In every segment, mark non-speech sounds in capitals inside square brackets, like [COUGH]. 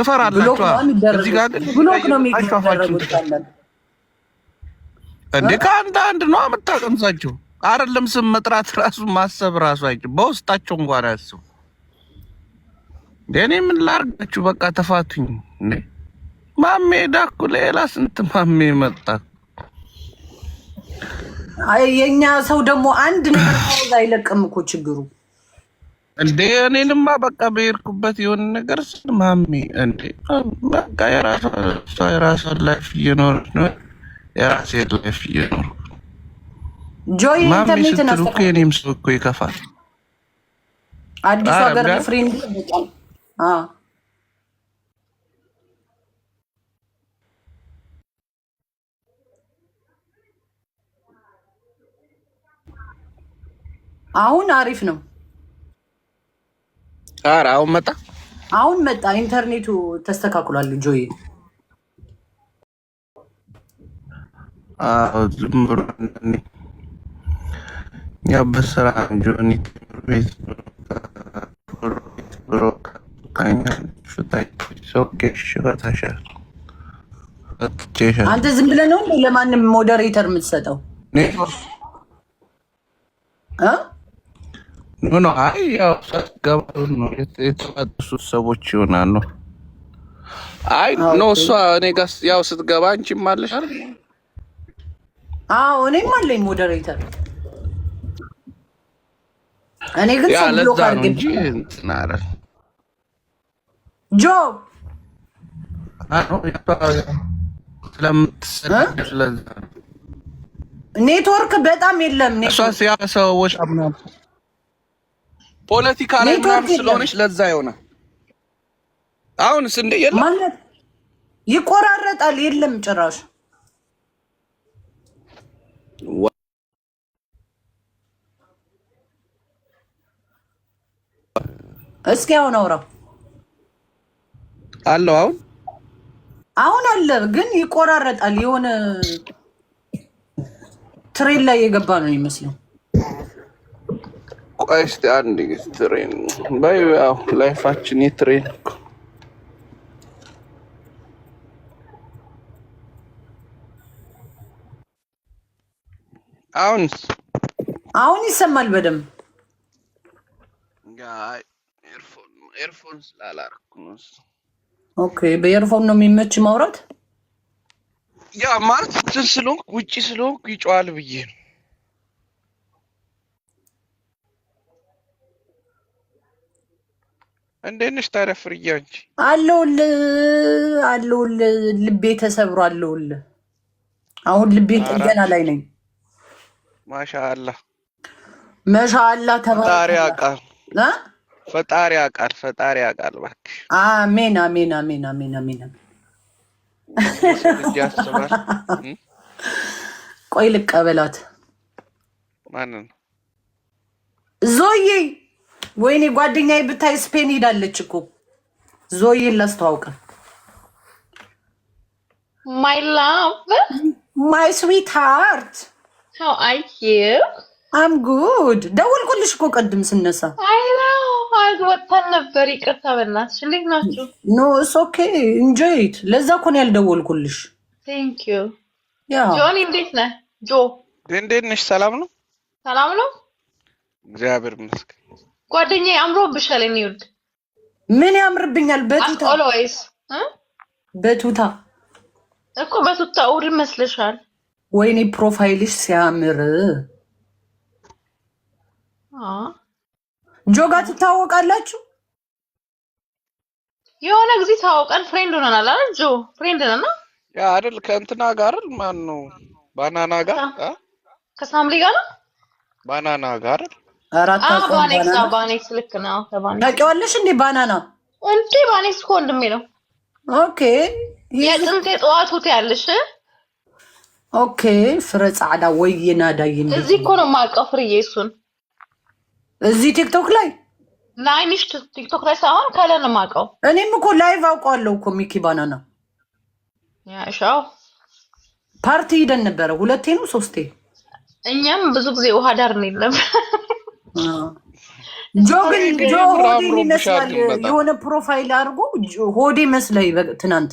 ትፈራላችሁ። ነው አይደለም ስም መጥራት ራሱ ማሰብ ራሱ በውስጣቸው እንኳን አያስቡ። እኔ ምን ላርጋችሁ? በቃ ተፋቱኝ። ማሜ ዳኩ ሌላ ስንት ማሜ መጣ። የኛ ሰው ደግሞ አንድ ነገር አይለቅም እኮ ችግሩ እንዴ እኔንማ በቃ በሄድኩበት የሆነ ነገር ስል ማሚ እንዴ በቃ የራሷን ላይፍ እየኖረች ነው፣ የራሴን ላይፍ እየኖርኩ ማሚ ስትሉ እኮ የኔም ሰው እኮ ይከፋል። አዲሱ ሀገር ፍሬንድ አሁን አሪፍ ነው። አረ አሁን መጣ አሁን መጣ። ኢንተርኔቱ ተስተካክሏል። ጆይ አዎ ዝም ብሎ ያ በስራ ጆኒ ቤት አንተ ዝም ብለህ ነው ለማንም ሞዴሬተር የምትሰጠው? ምን አይ ያው ሳትገባ ነው የተመጡሱት ሰዎች ይሆናሉ። አይ ኖ እሷ እኔ ጋር ያው ስትገባ አንቺም አለሽ አይደል? አዎ እኔም አለኝ ሞዴሬተር። እኔ ግን ሰው ብሎክ አድርግ እንጂ እንትን ጆ ኔትወርክ በጣም የለም። ሰዎች ምናምን ፖለቲካ ላይ ምናምን ስለሆነች ለዛ የሆነ አሁን ስንዴ የለም ማለት ይቆራረጣል። የለም ጭራሽ እስኪ አሁን አውራው አለው አሁን አሁን አለ ግን ይቆራረጣል። የሆነ ትሬን ላይ የገባ ነው የሚመስለው። እስቲ አንድ ጊዜ ትሬን ባይ ያው ላይፋችን የትሬን አሁንስ አሁን ይሰማል በደምብ። ጋይ ኤርፎን ኤርፎን ስላላረኩ ነው። ኦኬ በኤርፎን ነው የሚመች ማውራት። ያ ማለት እንትን ስለሆንኩ ውጪ ስለሆንኩ ይጨዋል ብዬ ነው። እንዴት ነሽ ታዲያ ፍርዬ? አንቺ አለሁልህ አለሁልህ። ልቤ ተሰብሮ አለሁልህ። አሁን ልቤ ጥገና ላይ ነኝ። ማሻአላ መሻአላ ተባሪ አቃል ፈጣሪ አቃል ፈጣሪ አቃል። እባክሽ አሜን፣ አሜን፣ አሜን፣ አሜን፣ አሜን። ቆይ ልቀበላት። ማንን ዞዬ ወይኔ ጓደኛዬ ብታይ ስፔን ሄዳለች እኮ ዞዬን ላስተዋውቅ። ማይ ላቭ ማይ ስዊት ሃርት ሃው አር ዩ አም ጉድ። ደወልኩልሽ እኮ ቀድም ስነሳ ወጥተን ነበር። ይቅርታ በናትሽ። እንዴት ናችሁ? ኖ ኢትስ ኦኬ ኢንጆይ ኢት። ለዛ እኮ ነው ያልደወልኩልሽ። ቴንክ ዩ ጆኒ። እንዴት ነህ ጆ? እንዴት ነሽ? ሰላም ነው። ሰላም ነው። እግዚአብሔር ይመስገን። ጓደኛ አምሮብሻል። እኔ ውድ ምን ያምርብኛል? በቱታ ኦልዌይስ በቱታ እኮ በቱታ ውድ መስልሻል። ወይኔ ፕሮፋይልሽ ሲያምር ጆጋ ትታወቃላችሁ። የሆነ ጊዜ ታወቀን ፍሬንድ ሆነናል አይደል? ጆ ፍሬንድ ነና ያ አይደል? ከእንትና ጋር አይደል? ማን ነው? ባናና ጋር ከሳምሊ ጋር ነው ባናና ጋር አይደል? አራት ባኔክስ ልክ ነው። ታውቂዋለሽ እንዴ ባናና እንዴ ባኔክስ እኮ ወንድሜ ነው። ኦኬ የጥንቴ የጠዋት ሁት ያለሽ ኦኬ ፍረ ጻዕዳ ወይ የናዳ ይ እዚህ እኮ ነው የማውቀው ፍርዬ። እሱን እዚህ ቲክቶክ ላይ ላይ ላይንሽ ቲክቶክ ላይ ሳይሆን ከላይ ነው የማውቀው። እኔም እኮ ላይቭ አውቀዋለሁ እኮ ሚኪ ባናና ያሻው ፓርቲ ሂደን ነበረ ሁለቴ ነው ሶስቴ። እኛም ብዙ ጊዜ ውሃ ዳር ነው የለም [LAUGHS] ጆ ግን ጆ ሆዴን ይመስላል የሆነ ፕሮፋይል አድርጎ ሆዴ መስላይ ትናንት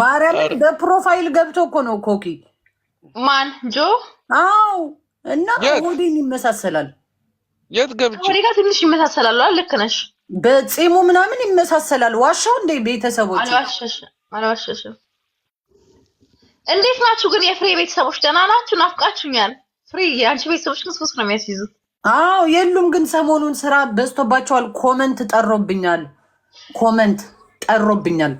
ማርያምን በፕሮፋይል ገብቶ እኮ ነው ኮኪ ማን ጆ አው እና ሆዴን ይመሳሰላል። የት ገብቼ ጋር ትንሽ ይመሳሰላል። ልክ ነሽ። በፂሙ ምናምን ይመሳሰላል። ዋሻው እንደ ቤተሰቦች አልዋሸሽም። እንዴት ናችሁ ግን የፍሬ ቤተሰቦች? ደህና ናችሁ? ናፍቃችሁኛል። ፍሬ የአንቺ ቤተሰቦች ግን ሶስት ነው የሚያስይዙት። አዎ የሉም። ግን ሰሞኑን ስራ በዝቶባቸዋል። ኮመንት ጠሮብኛል፣ ኮመንት ጠሮብኛል።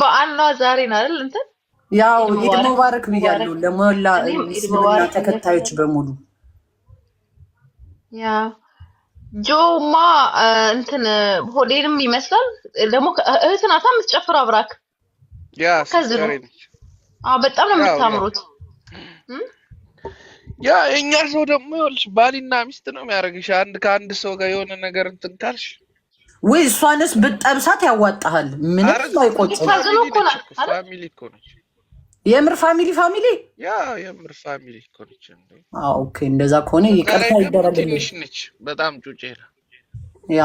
በዓል ነዋ ዛሬ ነው አይደል? እንትን ያው ኢድ ሙባረክ ብያለሁ ለሞላ ተከታዮች በሙሉ። ያ ጆማ እንትን ሆዴንም ይመስላል ደግሞ እህት ናታ የምትጨፍር አብራክ ከዚህ በጣም ነው የምታምሩት። ያ እኛ ሰው ደግሞ ይኸውልሽ ባሊና ሚስት ነው የሚያደርግሽ። አንድ ከአንድ ሰው ጋር የሆነ ነገር እንትን ካልሽ ወይ እሷንስ ብጠብሳት ያዋጣሃል። ምንም አይቆጭም። የምር ፋሚሊ ፋሚሊ፣ ያ የምር ፋሚሊ እኮ ነች። ኦኬ፣ እንደዛ ከሆነ ይቅርታ ይደረግልሽ። ነች በጣም ጩጬ ነ ያ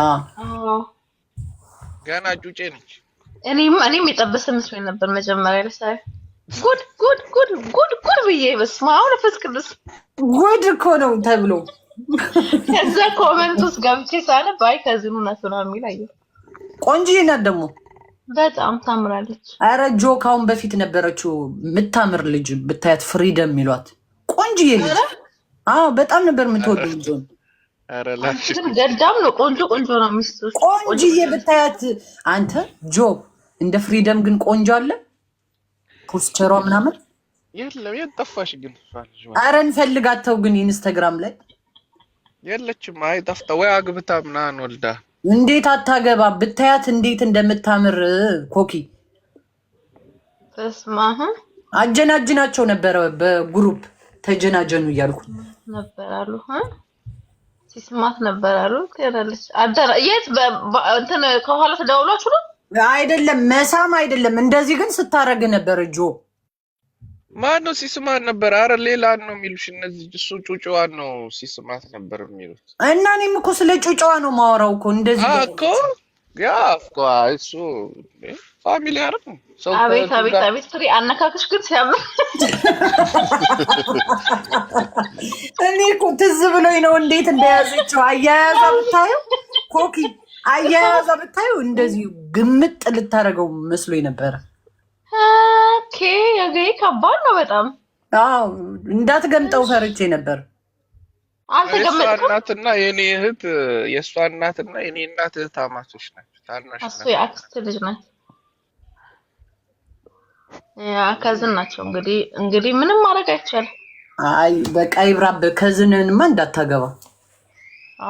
ገና ጩጬ ነች። እኔም እኔም የጠበሰ መስሎኝ ነበር መጀመሪያ ላይ ሳይ ጉድ ጉድ ጉድ ጉድ ጉድ ብዬ በስመ አብ ወመንፈስ ቅዱስ ጉድ እኮ ነው ተብሎ ከዛ ኮመንት ውስጥ ገብቼ ሳነብ አይ ከዚህ እውነት ነው የሚል አየሁ። ቆንጆዬ ናት ደግሞ በጣም ታምራለች። አረ ጆ ካሁን በፊት ነበረችው የምታምር ልጅ ብታያት ፍሪደም የሚሏት ቆንጆዬ ልጅ። አዎ በጣም ነበር የምትወዱ ልጅ። ገዳም ነው ቆንጆ ቆንጆ ነው ሚስቱ ቆንጆዬ ብታያት አንተ ጆ እንደ ፍሪደም ግን ቆንጆ አለ ፖስቸሯ ምናምን የለም። የት ጠፋሽ ግን? አረ እንፈልጋተው ግን ኢንስታግራም ላይ የለችም። አይ ጠፍታ ወይ አግብታ ምናምን ወልዳ እንዴት አታገባ ብታያት እንዴት እንደምታምር ኮኪ ተስማ አጀናጅናቸው ነበረ። በግሩፕ ተጀናጀኑ እያልኩ ነበራሉ ሲስማት ነበራሉ። ያለች አዳራ የት እንትን ከኋላ ተደውሏችሁ ነው አይደለም መሳም አይደለም። እንደዚህ ግን ስታረግ ነበር። እጆ ማን ነው ሲስማት ነበር? አረ ሌላ ነው የሚሉሽ እነዚህ። እሱ ጩጫዋን ነው ሲስማት ነበር የሚሉት እና እኔም እኮ ስለ ጩጫዋ ነው ማወራው እኮ እንደዚህ እኮ ያ እኮ እሱ ፋሚሊ አረ ሰው አቤት አቤት አቤት ፍሬ አነካክሽ ግን ሲያምር እኔ እኮ ትዝ ብሎኝ ነው እንዴት እንደያዘችው አያያዛ ብታየው ኮኪ አያያዛ ብታዩ እንደዚሁ ግምጥ ልታደርገው መስሎ ነበረ። ኦኬ የገይ ከባድ ነው በጣም አዎ። እንዳትገምጠው ፈርቼ ነበር። የእሷ እናትና የኔ እህት የእሷ እናትና የኔ እናት እህት አማቶች ናቸው። ታናሽ የአክስት ልጅ ናት። ከዝን ናቸው። እንግዲህ እንግዲህ ምንም ማድረግ አይቻልም። አይ በቃ ይብራብ። ከዝንንማ እንዳታገባ።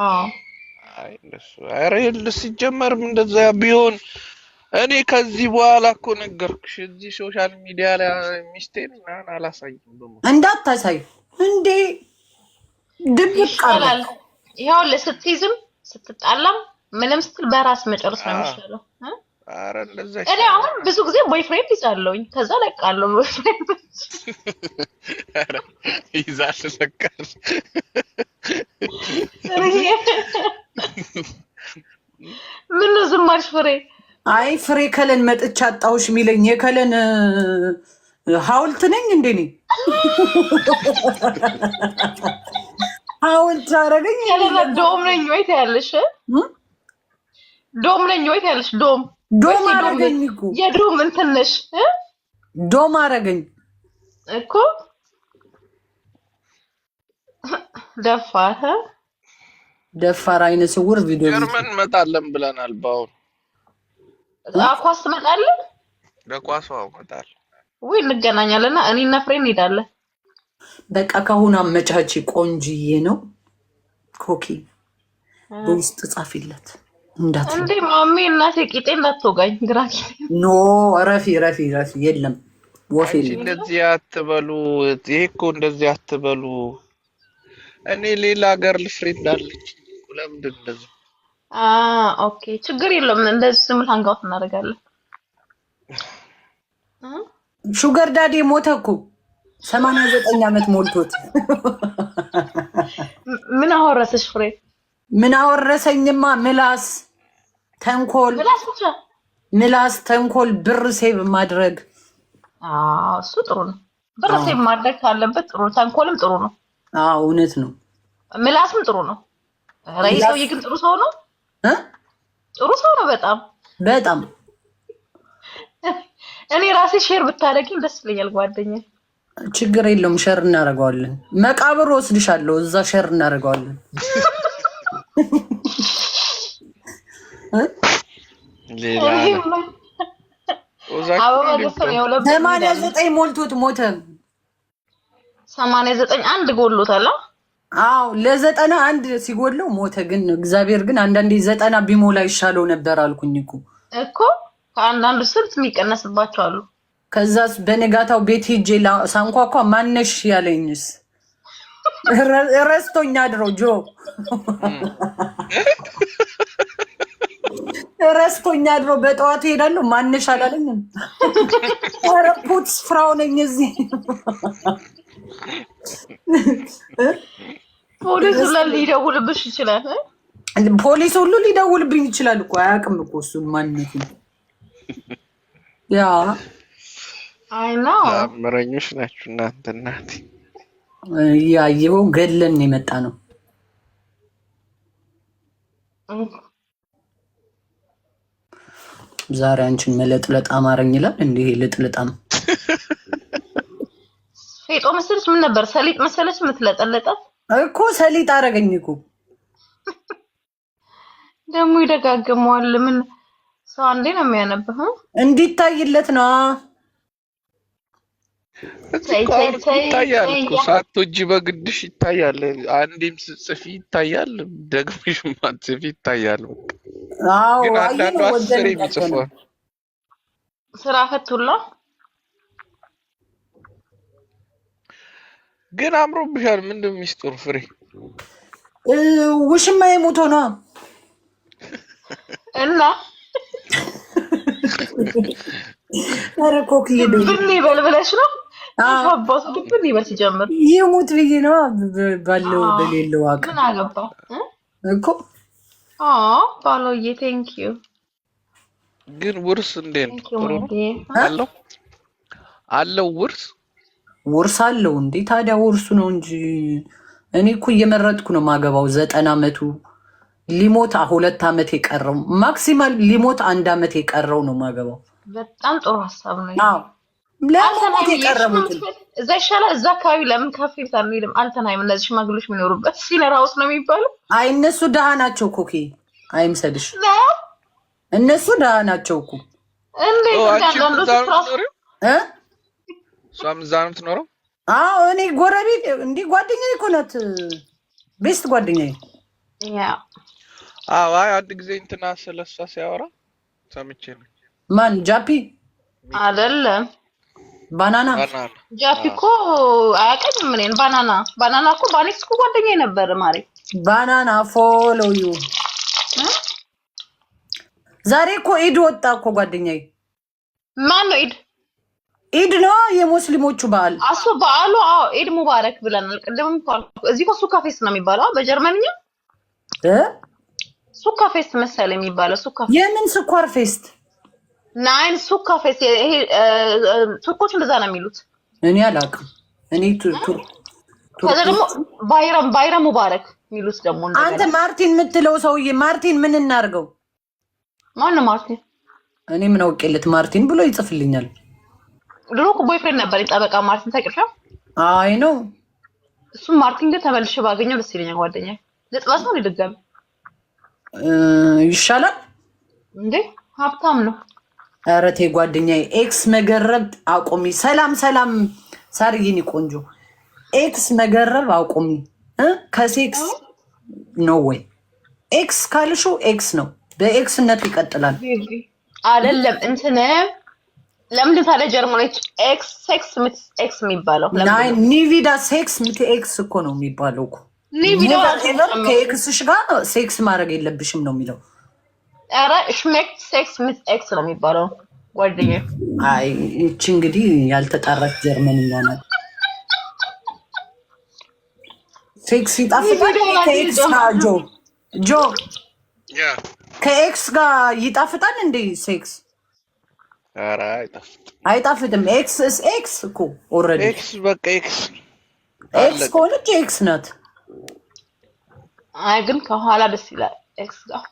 አዎ አይ ሲጀመርም እንደዛ ቢሆን እኔ ከዚህ በኋላ እኮ ነገርኩሽ፣ እዚህ ሶሻል ሚዲያ ላይ ሚስቴን ምናምን አላሳይም። እንዳታሳዩ እንዴ ድብቅ ይሻላል። ይኸውልህ ስትይዝም ስትጣላም ምንም ስትል በራስ መጨረስ ነው የሚሻለው። እኔ አሁን ብዙ ጊዜ ቦይፍሬንድ ይዛለውኝ ከዛ ለቃለሁ። ቦይፍሬንድ ይዛል ለቃል ምን ዝማሽ ፍሬ? አይ ፍሬ ከለን መጥቻ አጣውሽ የሚለኝ የከለን ሀውልት ነኝ እንዴ? እኔ ሐውልት አደረገኝ። ዶም ነኝ ወይ ትያለሽ? ዶም ነኝ ወይ ትያለሽ? ዶም ዶም አረገኝ እኮ የዶም እንትን ነሽ። ዶም አረገኝ እኮ ደፋር ደፋር አይነ ስውር ቪዲዮ ጀርመን ብለናል። በአሁኑ ኳስ ትመጣለህ? ለኳሱ እመጣለሁ። ውይ እንገናኛለና እኔና ፍሬ እንሄዳለን። በቃ ከአሁን አመቻች ቆንጅዬ ነው ኮኪ በውስጥ ጻፊለት። እንዴ እናቴ ቂጤ እንዳትወጋኝ። ኖ ረፊ ረፊ ረፊ የለም እንደዚህ አትበሉ። ይሄ እኮ እንደዚህ አትበሉ። እኔ ሌላ ሀገር ልፍሬንድ አለች። ለምንድን እንደዚህ? ኦኬ ችግር የለም። እንደዚህ ስምል ሀንጋውት እናደርጋለን። ሹገር ዳዴ ሞተ እኮ ሰማንያ ዘጠኝ ዓመት ሞልቶት። ምን አወረሰሽ ፍሬ? ምን አወረሰኝማ ምላስ ተንኮል፣ ምላስ፣ ተንኮል፣ ብር ሴቭ ማድረግ እሱ ጥሩ ነው። ብር ሴቭ ማድረግ ካለበት ጥሩ ነው። ተንኮልም ጥሩ ነው። እውነት ነው። ምላስም ጥሩ ነው። ራይ ሰውዬ ግን ጥሩ ሰው ነው። ጥሩ ሰው ነው። በጣም በጣም እኔ ራሴ ሼር ብታደርጊኝ ደስ ይለኛል ጓደኛዬ። ችግር የለውም ሸር እናደርገዋለን። መቃብር ወስድሻለሁ፣ እዛ ሸር እናደርገዋለን። [LAUGHS] ሰማንያ ዘጠኝ ሞልቶት ሞተ። ሰማንያ ዘጠኝ አንድ ጎሎታል። አዎ ለዘጠና አንድ ሲጎለው ሞተ። ግን እግዚአብሔር ግን አንዳንዴ ዘጠና ቢሞላ ይሻለው ነበር አልኩኝ እኮ እኮ ከአንዳንዱ ስልት የሚቀነስባቸው አሉ። ከዛ በንጋታው ቤት ሄጄ ሳንኳኳ ማነሽ ያለኝስ ረስቶኛ ድሮ ጆ ረስቶኛ አድሮ በጠዋት ሄዳለሁ። ማንሽ አላለኝም። ኧረ ፖትስ ፍራው ነኝ እዚህ ፖሊስ ሁሉ ሊደውልብሽ ይችላል። ፖሊስ ሁሉ ሊደውልብኝ ይችላል እኮ አያውቅም እኮ እሱን ማንነቱን። ያ አምረኞች ናችሁ እናንተ። እናቴ ያየው ገለን የመጣ ነው። ዛሬ አንቺን መለጥለጥ አማረኝ ይላል እንዲህ ይሄ ልጥልጣም ፌጦ መሰለች። ምን ነበር ሰሊጥ መሰለች የምትለጠለጣት እኮ ሰሊጥ አረገኝ እኮ። ደግሞ ይደጋግመዋል። ምን ሰው አንዴ ነው የሚያነበው እንዲታይለት ነው። ይታያል እኮ ሳትወጂ በግድሽ ይታያል። አንዴም ስጽፊ ይታያል፣ ደግመሽ ማትጽፊ ይታያል። ግን አንዳንዱ አስር የሚጽፏል ስራ ፈቱላ ግን አምሮብሻል። ምንድን ሚስጥሩ ፍሬ? ውሽማ የሞቶ ነ [LAUGHS] እና ኧረ ኮክዬ ብን በልብለሽ ነው አባስግብን ይበል ሲጀምር ይሙት ብዬ ነዋ። ባለው በሌለው አቅ ምን እኮ ቴንክ ዩ ግን ውርስ እንዴት አለው? ውርስ ውርስ አለው እንዴ? ታዲያ ውርሱ ነው እንጂ እኔ እኮ እየመረጥኩ ነው ማገባው። ዘጠና አመቱ ሊሞት ሁለት አመት የቀረው ማክሲማል ሊሞት አንድ አመት የቀረው ነው ማገባው። በጣም ጥሩ ሀሳብ ነው። ለሞት የቀረቡትን እዛ ይሻላል። እዛ አካባቢ ለምን ካፌ ቤት አንልም? አልተናይም። እነዚህ ሽማግሌዎች የሚኖሩበት ሲነራ ውስጥ ነው የሚባለው። አይ እነሱ ደሃ ናቸው። ኮኬ አይምሰልሽ፣ እነሱ ደሃ ናቸው እኮ። እሷም እዛ ነው የምትኖረው። አዎ እኔ ጎረቤት እንዲህ ጓደኛዬ እኮ ናት፣ ቤስት ጓደኛዬ። አዎ አይ አንድ ጊዜ እንትና ስለሷ ሲያወራ ሰምቼ ነው። ማን ጃፒ አይደለም ባናና ጃፒ እኮ አያውቅም። እኔን ባናና ባናና እኮ ባኔክስ እኮ ጓደኛ ነበር። ማሬ ባናና ፎሎ ዩ ዛሬ እኮ ኢድ ወጣ እኮ ጓደኛዬ። ማን ነው ኢድ? ኢድ ነው የሙስሊሞቹ በዓል። አሱ በዓሉ አዎ፣ ኢድ ሙባረክ ብለናል። ቅድም እዚህ እኮ ሱካ ፌስት ነው የሚባለው በጀርመንኛ ሱካ ፌስት መሰለኝ የሚባለው ሱካ የምን ስኳር ፌስት ናይን ሱካ ፌስ ይሄ ቱርኮች እንደዛ ነው የሚሉት። እኔ አላውቅም። እኔ ከዛ ደግሞ ባይረም ባይረም ሙባረክ የሚሉት ደግሞ አንተ ማርቲን የምትለው ሰውዬ ማርቲን ምን እናርገው? ማነው ማርቲን? እኔ ምን አውቄለት ማርቲን ብሎ ይጽፍልኛል። ድሮ እኮ ቦይፍሬንድ ነበር ጠበቃ ማርቲን ታውቂው? አይ ነው እሱ ማርቲን። ግን ተመልሼ ባገኘው ደስ ይለኛል። ጓደኛ ልጥበስ ነው ሊደገም ይሻላል እንዴ ሀብታም ነው ኧረ ተይ ጓደኛዬ፣ ኤክስ መገረብ አቁሚ። ሰላም ሰላም፣ ሳርዬን ቆንጆ፣ ኤክስ መገረብ አቁሚ። ከሴክስ ነው ወይ ኤክስ ካልሹ ኤክስ ነው፣ በኤክስነቱ ይቀጥላል። አይደለም እንትን ለምንድን ታዲያ ጀርመኖች ኤክስ ሴክስ ምት ኤክስ የሚባለው ኒቪዳ ሴክስ ምት ኤክስ እኮ ነው የሚባለው ኒቪዳ ከኤክስሽ ጋር ሴክስ ማድረግ የለብሽም ነው የሚለው ኧረ ሽሜክስ ሴክስ ሚስ ኤክስ ነው የሚባለው ጓደኛ። አይ ይቺ እንግዲህ ያልተጣራች ጀርመን ይሆናል። ሴክስ ይጣፍጣል ጆ ጆ ከኤክስ ጋር ይጣፍጣል እንዴ? ሴክስ አይጣፍጥም። ኤክስ እስ ኤክስ እኮ ኦልሬዲ ኤክስ በቃ ኤክስ ኤክስ ከሆነች ኤክስ ናት። አይ ግን ከኋላ ደስ ይላል ኤክስ ጋር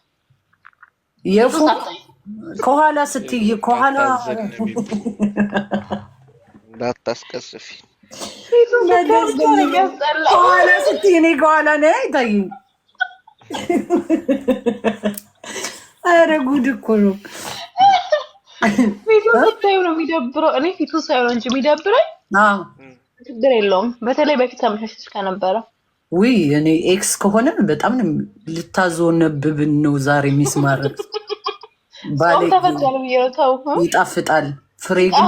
ከኋላ ስትይ ከኋላ እንዳታስቀስፊ ከኋላ ስትይ እኔ ከኋላ ነው አይታይም። ኧረ ጉድ እኮ ነው። ፊቱ ስታዩ ነው የሚደብረው። እኔ ፊቱ ሳይሆን እንጂ የሚደብረኝ ችግር የለውም። በተለይ በፊት ተመሻሸች ከነበረ ውይ እኔ ኤክስ ከሆነ በጣም ልታዞነብብን ነው ዛሬ የሚስማረት ይጣፍጣል። ፍሬ ግን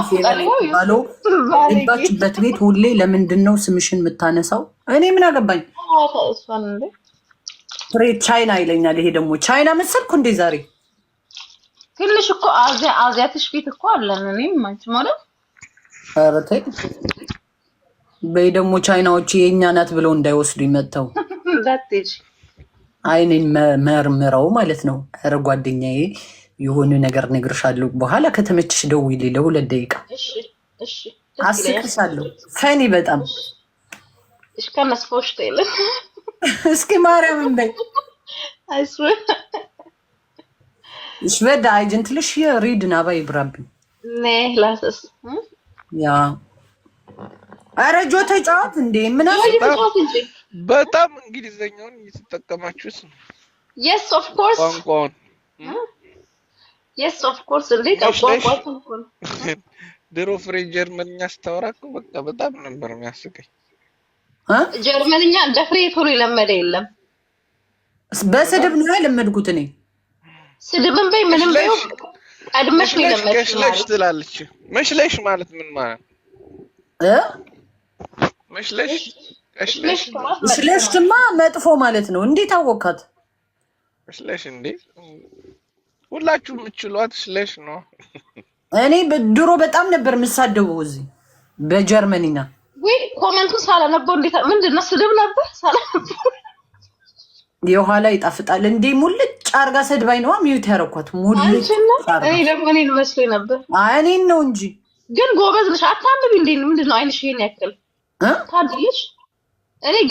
ባለው ባችበት ቤት ሁሌ ለምንድን ነው ስምሽን የምታነሳው? እኔ ምን አገባኝ? ፍሬ ቻይና ይለኛል። ይሄ ደግሞ ቻይና መሰልኩ እንዴ? ዛሬ ትንሽ እኮ አዚያትሽ ፊት እኮ አለን። እኔም አንቺ ማለት ኧረ ተይ በይ ደግሞ ቻይናዎች የእኛ ናት ብለው እንዳይወስዱ ይመጥተው አይኔን መርምረው ማለት ነው። ኧረ ጓደኛዬ የሆነ ነገር እነግርሻለሁ። በኋላ ከተመችሽ ደውዪልኝ። ለሁለት ደቂቃ አስቅሻለሁ። ፈኒ በጣም እስኪ ማርያምን በይ። ሽበዳ አይጀንትልሽ የሪድ ናባ ይብራብኝ ያ ኧረ ጆ ተጫወት እንዴ! ምን በጣም እንግሊዘኛውን እየተጠቀማችሁት ነው። የስ ኦፍ ኮርስ ቋንቋውን የስ ኦፍ ኮርስ እንዴ ድሮ ፍሬ ጀርመንኛ ስታወራ እኮ በቃ በጣም ነበር የሚያስቀኝ። ጀርመንኛ እንደ ፍሬ ቶሎ የለመደ የለም። በስድብ ነው የለመድኩት እኔ። ስድብን በይ ምንም በይ ቀድመሽ ነው የለመድኩት ትላለች። መሽለሽ ማለት ምን ማለት መሽለሽ ሽለሽማ መጥፎ ማለት ነው። እንዴት አወካት ። መሽለሽ እንዴ ሁላችሁ የምችሏት ስለሽ ነው። እኔ ድሮ በጣም ነበር የምሳደበው እዚህ በጀርመኒና ወይ ኮመንቱ ሳላነበው እንዴት ምንድን ነው ስድብ ነበር ሳላነበው የኋላ ይጣፍጣል እንዴ ሙልጭ አርጋ ሰድባኝ ነዋ ሚዩት ያረኳት ሙልጭ እኔ ነበር። እኔን ነው እንጂ ግን ጎበዝ ነሽ። አታንብቢ እንዴ ምንድን ነው አይንሽ ይሄን ያክል ታድልሽ እኔ